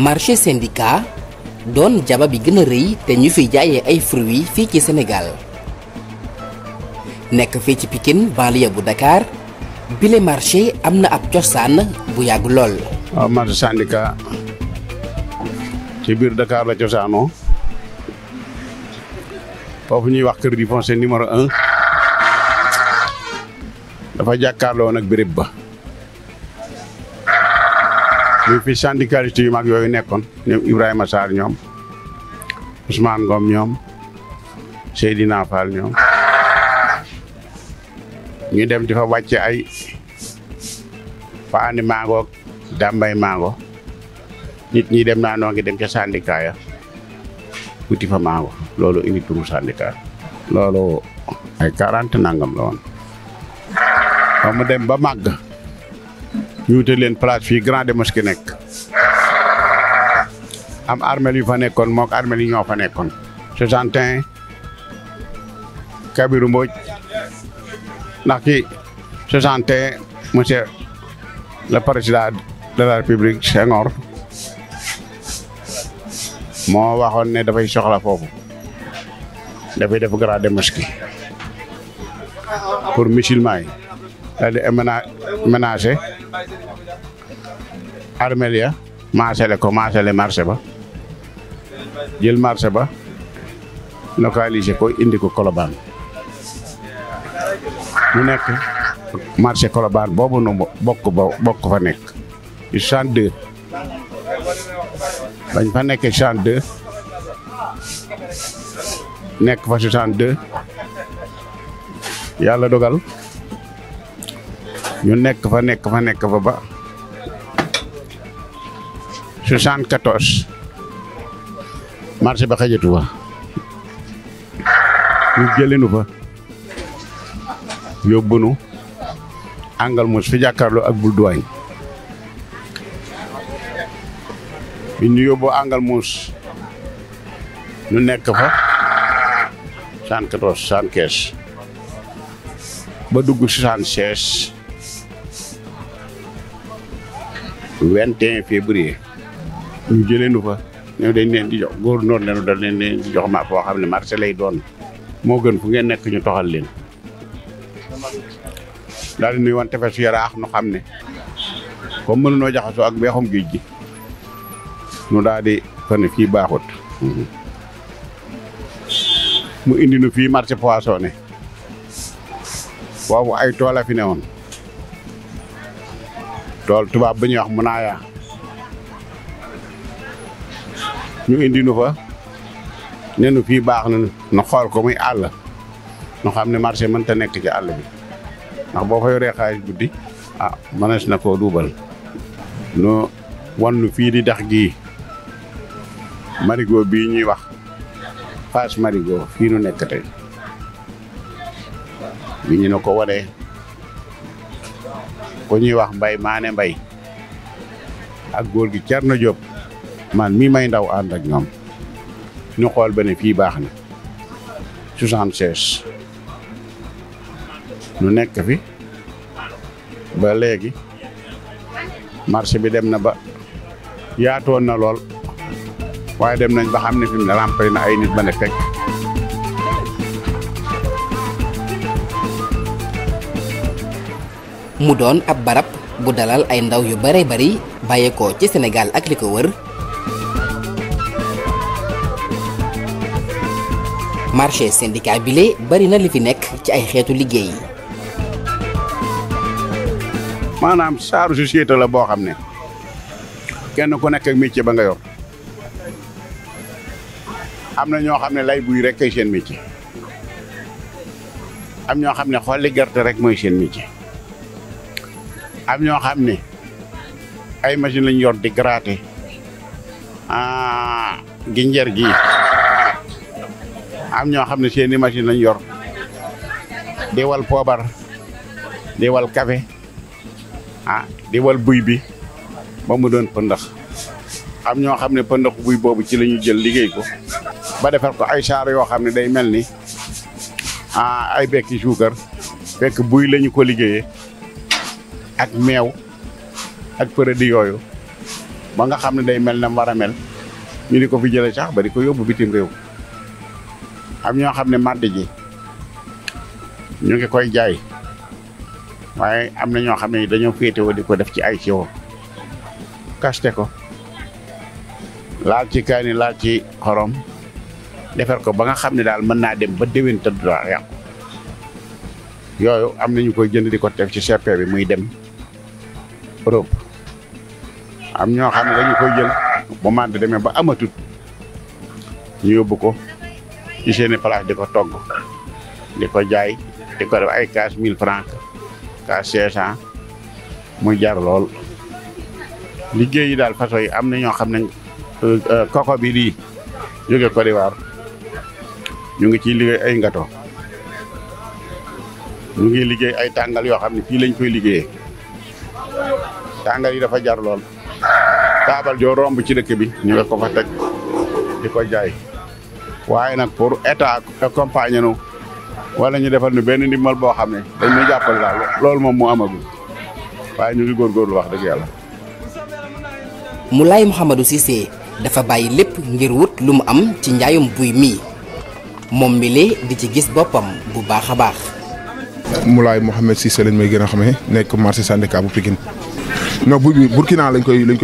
marché syndicat doon jabar bi gën a rëy te ñu fiy jaaye ay fruits fii ci Sénégal nekk fii ci pikin banlieue bu dakaar bile marché am na ab cosaan bu yàgg lool. waaw ah, marché syndicat ci biir Dakar la cosaanoo foofu ñuy wax kër du foncier numéro un dafa jàkkaarloo nag béréb ba. ñu fi syndicaliste yu mag yooyu nekkoon ñoom Ibrahima Sarr ñoom Ousmane Ngom ñoom Seydina Fall ñoom ñu dem di fa wàcce ay Fani Mango Dambay Mango nit dem naa noo ngi dem ca syndicat ya wuti fa Mango loolu indi turu syndicat loolu ay quarante nangam la woon dem ba màgg ñu leen place fii grande mosquée nekk am armel yu fa nekkoon moo armel yi ñoo fa nekkoon soixante un Kabiru Mbodj ndax ki soixante un monsieur le président de la république Senghor moo waxoon ne dafay soxla foofu dafay def grande mosquée pour musulman yi daal di ménager armel ya maasale ko maasale marché ba jël marché ba localiser ko indi ko Colobane mu nekk marché Colobane boobu nu bokk bokk fa nekk ci cent bañ fa nekkee cent deux nekk fa ci cent yàlla dogal ñu nekk fa nekk fa nekk fa ba 74 marché ba xajatu fa ñu jëlinu fa yóbbunu àngal mos fi jàkkaarloo ak bul duwaañ bi ñu yóbbu àngal mos ñu nekk fa soixante-quatorze soixante-quinze ba dugg soixante-seize 21 février ñu jëlee nu fa ñoom dañ leen di jox góor noonu lañu dal leen leen di jox ma foo xam ne marché lay doon moo gën fu ngeen nekk ñu toxal leen. daal di nuyu woon tefes yaraax nu xam ne comme mënunoo jaxasoo ak beexum géej gi nu daal di fa ne fii baaxut. Mhm. mu indi nu fii marché poissonné waaw ay tool a fi ne woon tool tubaab bu ñuy wax munaaya ñu indi nu fa ne nu fii baax na nu xool ko muy àll nu xam ne marché mënta nekk ci àll bi ndax boo fa yoree xaalis guddi ah mënees na koo duubal nu wan nu fii di dex gii marigot bii ñuy wax Fass marigot fii nu nekk tey bi ñu ne ko wanee ku ñuy wax mbay maane mbay ak góor gi na Diop man mii may ndaw ànd ak ñoom ñu xool ba fii baax na 76 nu nekk fi ba léegi marché bi dem na ba yaatoon na lool waaye dem nañ ba xam ne fi mu ne rempli na ay nit ba ne fekk mu doon ab barab bu dalal ay ndaw yu bare bari bàyyeekoo ci Sénégal ak li ko wër marché syndicat bile bari na li fi nekk ci ay xeetu liggéey yi maanaam saaru société la boo xam ne kenn ko nekk ak métier ba nga yor am na ñoo xam ne lay buy rek kay seen métier am ñoo xam ne xolli gerte rek mooy seen métier am ñoo xam ni ay machine lañ yor di garaate ah ginjeer gi am ñoo xam ne seeni machine lañ yor di wal poobar di wal café ah di wal buy bi ba mu doon pëndax am ñoo xam ne pëndax buy boobu ci la jël liggéey ko ba defar ko ay saar yoo xam ne day mel ni ah ay bekki suukar fekk buy lañu ko liggéeye ak meew ak produit yooyu ba nga xam ne day mel na mu war a mel ñu di ko fi jëlee sax ba di ko yóbbu bitim réew am ñoo xam ne màdd ji ñu ngi koy jaay waaye am na ñoo xam ne dañoo féetewoo di ko def ci ay siwo kaste ko laal ci kaani laal ci xorom defar ko ba nga xam ne daal mën naa dem ba déwén tëdd yàqu yooyu am na ñu koy jënd di ko teg ci CP bi muy dem Europe am ñoo xam ne dañu koy jël moment bi demee ba amatut ñu yóbbu ko ci seeni place di ko togg di ko jaay di ko def ay casse mille francs casse cinq cent muy jar lool liggéey yi daal façon yi am na ñoo xam ne koko euh, bi di jóge Côte ñu ngi ciy liggéey ay ngato ñu ngi liggéey ay tàngal yoo xam ne fii lañ koy liggéeyee te yi dafa jar lool taabal joo romb ci dëkk bi ñu nga ko fa teg di ko jaay waaye nag pour état accompagner nu wala ñu defal ni benn ndimmal boo xam ne dañ ñu jàppale daal loolu moom mu amagul waaye ñu ngi góorlu wax dëgg yàlla. mu Moulay Mouhamadou Cissé dafa bàyyi lépp ngir wut lu mu am ci njaayum buy mii moom mi lee di ci gis boppam bu baax a baax. Moulay Mouhamed Cissé lañ may gën a xamee nekk marché syndicat bu Pikine. non buy bi Burkina koy lañ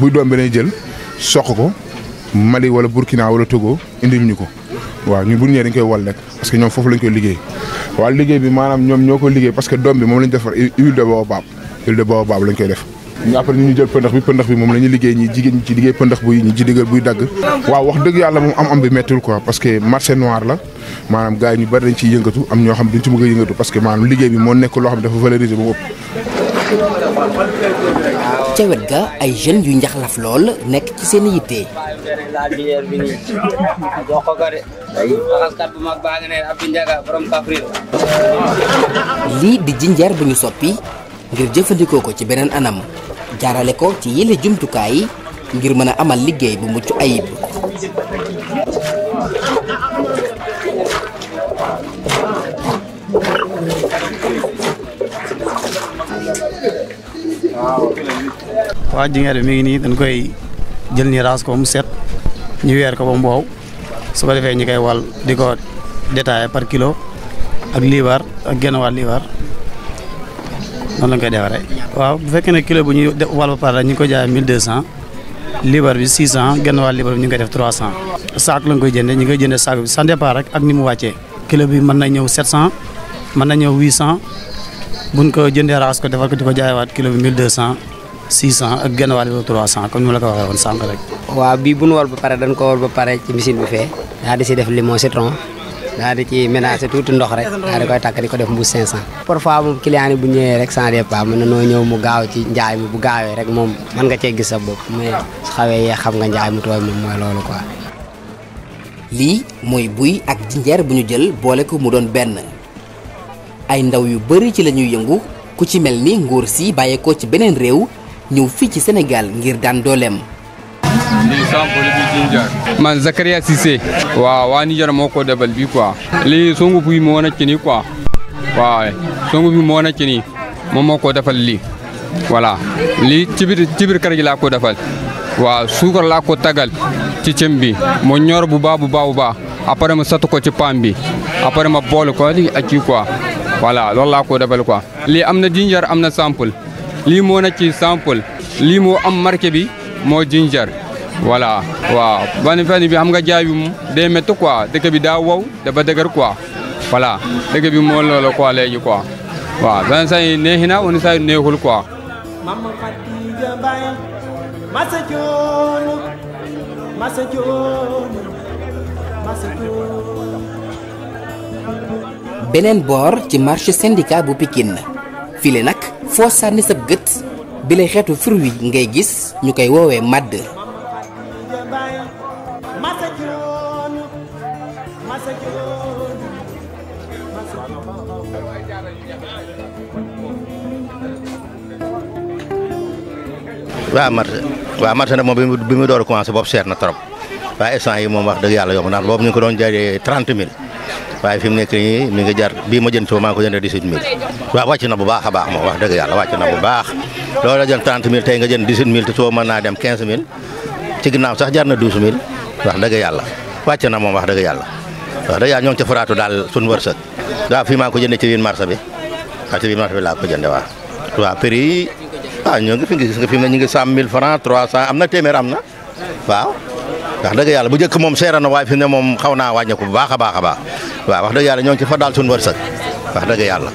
buy doom bi lay jël soq ko Mali wala Burkina wala Togo indil ko waaw ñun bu ñu ñëwee dañ koy wal rek ñoom foofu lañ koy liggéey waaw liggéey bi maanaam ñoom ñoo ko liggéey parce doom bi moom lañ la ñuy liggéey ñi jigéen ñi ci liggéey pëndax buy ñi ci diggal buy dagg waaw wax dëgg yàlla moom am am bi mettul quoi parce que noir la maanaam gars yi ñu bari dañ am ñoo xam duñ ci mën a yëngatu parce que maanaam liggéey bi ca wet ga ay jeunes yu njaxlaf lool nekk ci seen yitte. lii di jinjeer bu ñu soppi ngir jëfandikoo ko ci beneen anam jaarale ko ci yële jumtukaay ngir mën a amal liggéey bu mucc ayib. waa ji nga def mi ngi nii dañ koy jël ni raas ko mu set ñu weer ko ba mu su ko defee ñu koy wal di ko détaillé par kilo ak liibar ak genn wàll liibar noonu lañ koy defaree. waaw bu fekkee ne kilo bu ñuy wal ba pare ñu ko koy jaayee mille deux cent liibar bi six cent genn wàll liibar bi ñu ngi koy def trois cent. saak lañ koy jëndee ñu koy jëndee saak bi sans départ rek ak ni mu wàccee. kilo bi mën na ñëw sept cent mën na ñëw huit cent. buñ ko jëndee raxas ko defar ko di ko jaayewaat kilo bi 1200 600 ak genn wàll bi 300 comme ni ma la ko waxee woon wol ba pare dañ ko wol ba pare ci machine bi fee daal di si def limon citron daal ci ménager tuuti ndox rek daal di koy takk di ko def mbuus 500. parfois moom client yi bu ñëwee rek sans départ mën na noo ñëw mu gaaw ci njaay mi bu gaawee rek moom man nga cee gis sa bopp mais su xawee yee xam nga njaay mu tooy moom mooy loolu quoi. lii mooy buy ak jinjeer bu ñu jël boole ko mu doon benn. ay ndaw yu bëri ci la ñuy yëngu ku ci mel ni nguur si ko ci beneen réew ñëw fii ci Sénégal ngir daan dooleem. lii sampoli man Zakaria Cissé waaw waa Niger moo ko debal bi quoi lii songu bi moo nekk nii quoi waaw songu bi moo nekk nii moom moo ko defal lii voilà lii ci biir ci biir kër gi laa ko defal waa suukar laa ko tagal ci cëm bi mu ñor bu baax bu baax bu ma satu ko ci paam bi après ma boole ko lii ak kii quoi voilà loolu laa ko defal lii am na ginger am na sample lii moo nekk ci sample lii moo am marqué bi moo ginger voilà waaw benn fenn bi xam nga jaay bi mu day métti quoi dëkk bi daa wow dafa dëgër quoi voilà dëkk bi moo loolu quoi léegi quoi waaw benn saa yi neexi na wala saa yi neexul quoi. masa joono masa joono beneen boor ci marché syndicat bu Pikine file nag foo sànni sab gët bi lay xeetu fruit ngay gis ñu koy woowee màdd waaw marché waaw marché nag moom bi mu door a commencé boobu seer na trop waaye instant yi moom wax dëgg yàlla yomb ndax boobu ñu ko doon jaayee trente mille waaye fi mu nekk nii mi ngi jar bii ma jënd ci maa ngi ko jëndee dix huit mille waaw wàcc na bu baax a baax moom wax dëgg yàlla wàcc na bu baax loolu la jënd trente mille tey nga jënd te soo mën naa dem ci ginnaaw sax jar na wax dëgg yàlla wàcc na moom wax dëgg yàlla wax dëgg yàlla ñoo ngi ca faraatu daal suñu wërsëg waaw fii maa ko jëndee ci biir marché bi waaw ci biir marché bi laa ko jëndee waaw waaw prix yi waaw ah, ñoo ngi fi gis nga fi mu ñu ngi francs trois cent am na téeméer a wax dëgg yàlla bu njëkk moom seera na waaye fi ne moom xaw naa wàññeeku bu baax a baax waa wax dëgg yàlla ñoo ngi ci fa daal suñu wërsëg wax dëgg yàlla.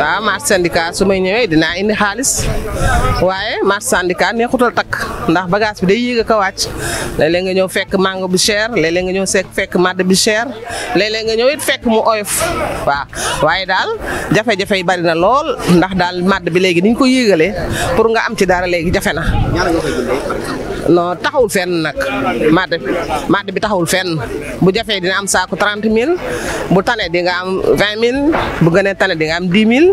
waaw marché syndicat su may ñëwee dinaa indi xaalis waaye marché syndicat neexutal takk ndax bagage bi day yéeg a wàcc léeg-léeg nga ñëw fekk mango bu cher léeg-léeg nga ñëw fekk madd bi cher léeg nga ñëw it fekk mu oyof waaw waaye daal jafe-jafe yi bari na lool ndax daal madd bi léegi niñ ñu ko yéegalee pour nga am ci dara léegi jafe na non taxawul fenn nag madd madd bi taxawul fenn bu jafee dina am saako 30 mille bu tane di nga am vingt mille bu gënee tane di nga am dix mille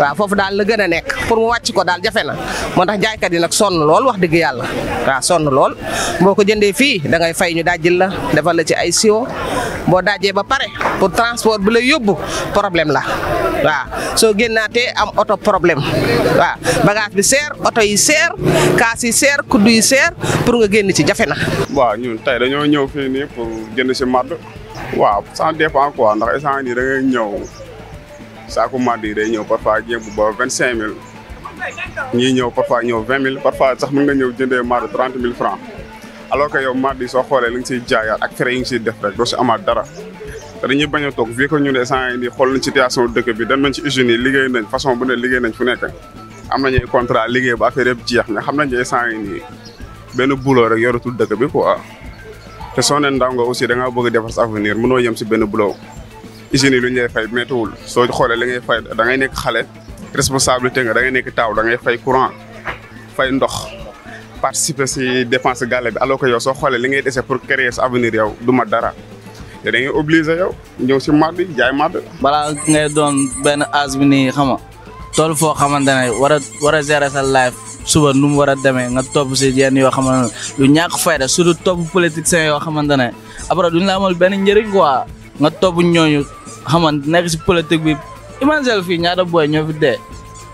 waaw foofu daal la gën a nekk pour mu wàcc ko daal jafe na moo tax jaaykat yi nag sonn lool wax dëgg yàlla waaw sonn lool boo ko jëndee fii dangay fay ñu dajjil la defal la ci ay siwo boo dajee ba pare pour transport bi la yóbbu problème la waaw soo génnaatee am oto problème waaw bagage bi seer oto yi seer kaas yi seer kuddu yi seer pour nga génn ci jafe na. waaw ñun tey dañoo ñëw fii nii pour jënd si madd waaw ça dépend quoi ndax instant yii da ngay ñëw saako màdd yi day ñëw parfois ba vingt cinq mille ñii ñëw parfois ñëw vingt mille parfois sax mën nga ñëw jëndee màdd trente mille franc alors que yow màdd yi soo xoolee li siy jaayaat ak frais yi nga siy def rek doo si dara te bañ toog vu que ñu ne instant yii xool situation dëkk bi dem nañ ci usines liggéey nañ façon bu ne liggéey nañ fu nekk am nañu contrat liggéey ba affaire yëpp jeex mais xam nañ ne instant yii nii benn boulot rek yoratul dëkk bi quoi. te soo nee ndaw nga aussi da ngaa bëgg a defar sa avenir mënoo yem si benn boulot usine ñu lay fay méttiwul soo xoolee li fay da ngay nekk xale responsabilité nga da nekk taaw da ngay fay courant fay ndox participer si dépense gàlle bi alors que soo xoolee li ngay dese pour créer sa avenir yow du ma dara te da ngay obligé yow ñëw si màdd jaay màdd. balaa ngay doon benn âge bi nii xam nga tool foo xamante ne war a war sa life suba nu mu war a demee nga topp si yenn yoo xamante ne lu ñàkk fayda surtout topp politiciens yoo xamante ne après duñ la amal benn njëriñ quoi nga topp ñooñu xamante nekk si politique bi imagine fii ñaata booy ñoo fi dee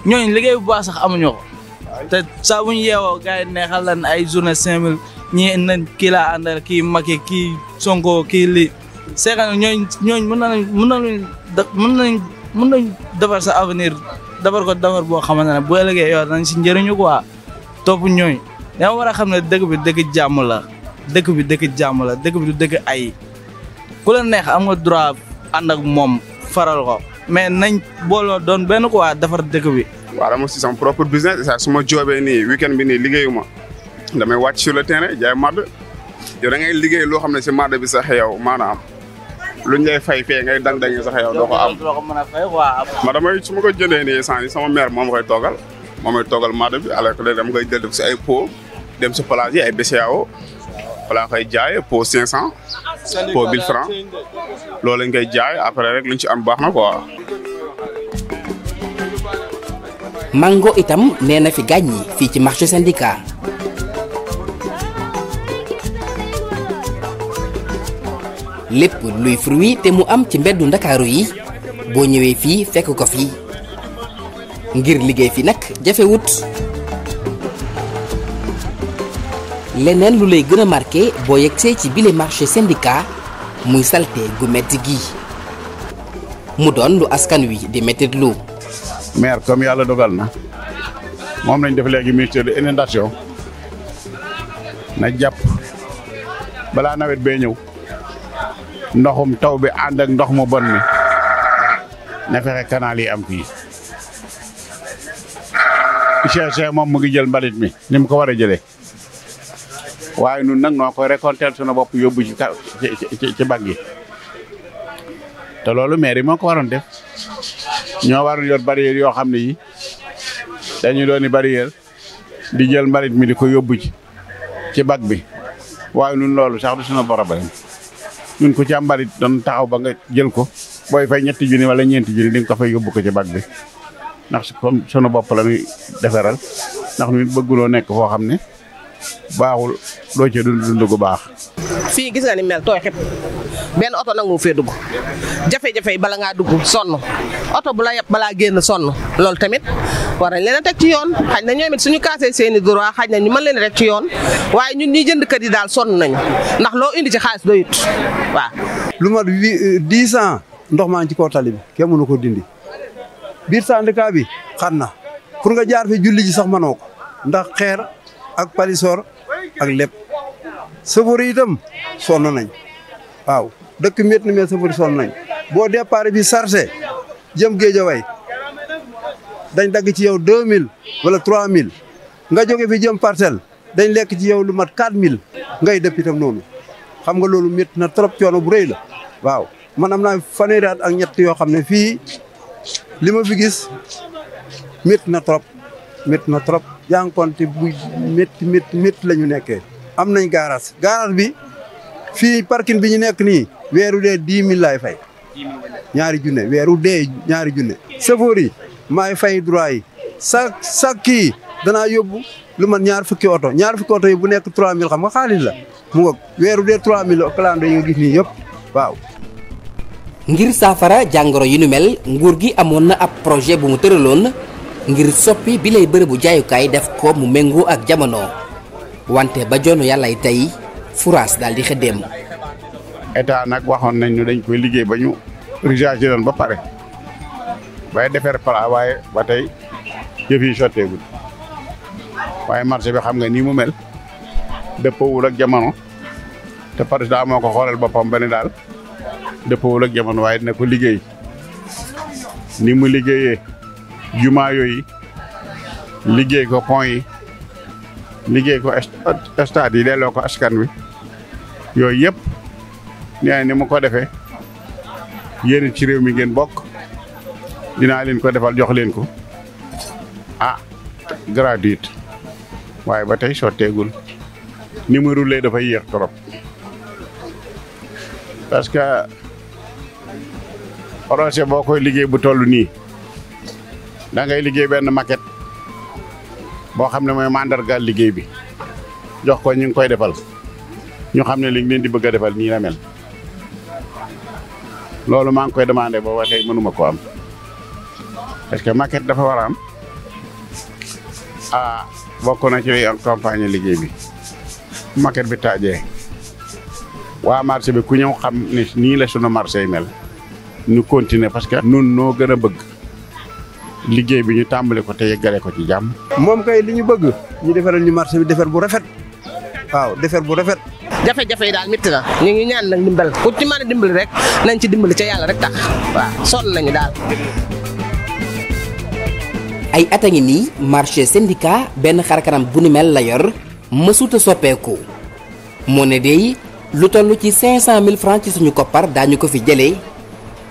ñooñu liggéey bu baax sax amuñu te saa yeewo ñu yeewoo gars yi neexal lan ay journée cinq mille ñii nañ kii laa àndal kii Macky kii Sonko kii lii seeqan ñooñ ñooñ mën nañ mën nañ mën nañ mën nañ defar sa avenir defar ko defar boo xamante ne bu ëllëgee yow danañ si njëriñu quoi topp ñooñu dama war a xam ne dëkk bi dëkk jàmm la dëkk bi dëkk jàmm la dëkk bi du dëkk ay ku la neex am nga droit ànd ak moom faral ko mais nañ booloo doon benn quoi defar dëkk bi. waaw dama si sama propre business saa su ma joobee nii weekend bi nii liggéeyu ma wàcc sur le terrain jaay madd yow da ngay liggéey loo xam ne si mad bi sax yow am lu luñ lay fay fee ngay dang dangi sax yow doo ko am ma damay su ma ko jëndee nii sant yi sama mère moom koy toogal moom koy toogal maado bi alors que léegi dama koy jël def si ay pot dem si place yi ay BCAO voilà koy jaay pot 500 pot 1000 francs loolu lañ koy jaay après rek luñ ci am baax na quoi. mango itam nee na fi gàññi fii ci marché syndicat. luy fruit te mu am ci mbeddu ndakaaru yi boo ñëwee fii fekk ko fii ngir liggéey fi nag jafewut leneen lu lay gën a marqué boo yegsee ci bile marché syndicat muy salte gu metti gi mu doon lu askan wi di mettit lu maire yàlla dogal na moom lañ def léegi ministère de inondation na jàpp balaa nawet bee ñëw ndoxum taw bi ànd ak ndox mu bon mi na fexe canal yi am fii UCG moom mu ngi jël mbalit mi ni mu ko war a jëlee waaye nun nag noo koy récolter na bopp yóbbu ci ci ci bag yi te loolu maire yi moo ko waroon def ñoo waroon yor barrière yoo xam ne yi dañu dooni barrière di jël mbalit mi di ko yóbbu ci ci bag bi waaye nun loolu sax du sunu problème ñun ko ci am mbalit doon taxaw ba nga jël ko booy fay ñetti junni wala ñeenti junni di nga ko fay yóbbu ko ci bag bi ndax comme sunu bopp la ñuy defaral ndax ñu bëgguloo nekk foo xam ne baaxul doo ca dund dund gu baax. fii gis ni mel tooy xëpp. benn oto nangu fee dugg jafe-jafe bala ngaa dugg sonn oto bu la yeb balaa génn sonn loolu tamit war nañ leen teg ci yoon xaj na ñoom it suñu kaasee seeni i droit xaj na ñu mën leen a teg ci yoon waaye ñun ñi jënd kër yi daal sonn nañu ndax loo indi ci xaalis doyut waaw. lu mat euh, dix ans ndox maa ngi ci kaw tali bi kenn mënu ko dindi biir syndicat bi xat na pour nga jaar fi julli ji sax mënoo ko ndax xeer ak palisor ak lépp sëfër yi itam sonn nañ waaw. dëkk métti na mais safari sonn nañ boo départ bi sarse jëm Géejawaay dañ dagg ci yow deux mille wala trois mille nga jóge fi jëm parcelle dañ lekk ci yow lu mat quatre mille ngay dëpp itam noonu xam nga loolu mit na trop coono bu rëy la waaw man am naa fanweeri at ak ñett yoo xam ne fii lima ma fi gis métti na trop mit na trop jànkonte bu mit métti métti la ñu nekkee am nañ garage garage bi fii parking bi ñu nekk nii weeru dee dix mille laay fay. ñaari junne weeru dee ñaari junne. safoor yi maay fay droit yi chaque chaque kii danaa yóbbu lu man ñaar fukki oto ñaar fukki oto yi bu nekk trois mille xam nga xaalis la mu ngoog weeru dee trois mille clando yi nga gis nii yëpp waaw. ngir saafara jàngoro yi nu mel nguur gi amoon na ab projet bu mu tëraloon ngir soppi bi lay bërëbu jaayukaay def ko mu méngoo ak jamono wante ba joonu yàllay tey furaas daal di xëddeem état nag waxoon nañ ñu dañ koy liggéey ba ñu rigage doon ba pare bay defar plat waaye ba tey jëf yi sotteegul waaye marché bi xam nga nii mu mel dëppoowul ak jamono te président moo ko xoolal boppam ba ne daal dëppoowul ak jamono waaye dina ko liggéey ni mu liggéeyee jumaa yooyu liggéey ko pont yi liggéey ko stade yi delloo ko askan wi yooyu yëpp nee ni mu ko defee yéen ci réew mi ngeen bokk dinaa leen ko defal jox leen ko ah gratuite waaye ba tey sotteegul numéro lay dafa yéex torop parce que projet boo koy liggéey bu toll nii da ngay liggéey benn maquette boo xam ne mooy mandargaal liggéey bi jox ko ñu ngi koy defal ñu xam ne li ñu leen di bëgg a defal nii la mel. loolu maa ngi koy demandé booba tey mënuma ko am parce que maquette dafa war a am ah bokk na ci liy accompagner liggéey bi maquette bi taajee waa marché bi ku ñëw xam ne nii la sunu marché yi mel ñu continuer parce que nun noo gën a bëgg liggéey bi ñu tàmbali ko te yeggale ko ci jàmm. moom kay li ñu bëgg ñu defaral ñu marché bi defar bu rafet waaw defar bu rafet. jafe-jafe yi daal métti na ñu ngi ñaan nag dimbal ku ci mën a dimbali rek nañ ci dimbali ca yàlla rek tax waaw sonn nañu daal. ay at ngi nii marché syndicat benn xarkanam bu ni mel la yor mësuta soppeeku moo ne dey lu toll ci 500 000 francs ci suñu koppar daañu ko fi jëlee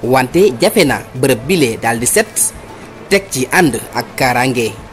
wante jafe na bërëb bile daal di set teg ci ànd ak kaaraange.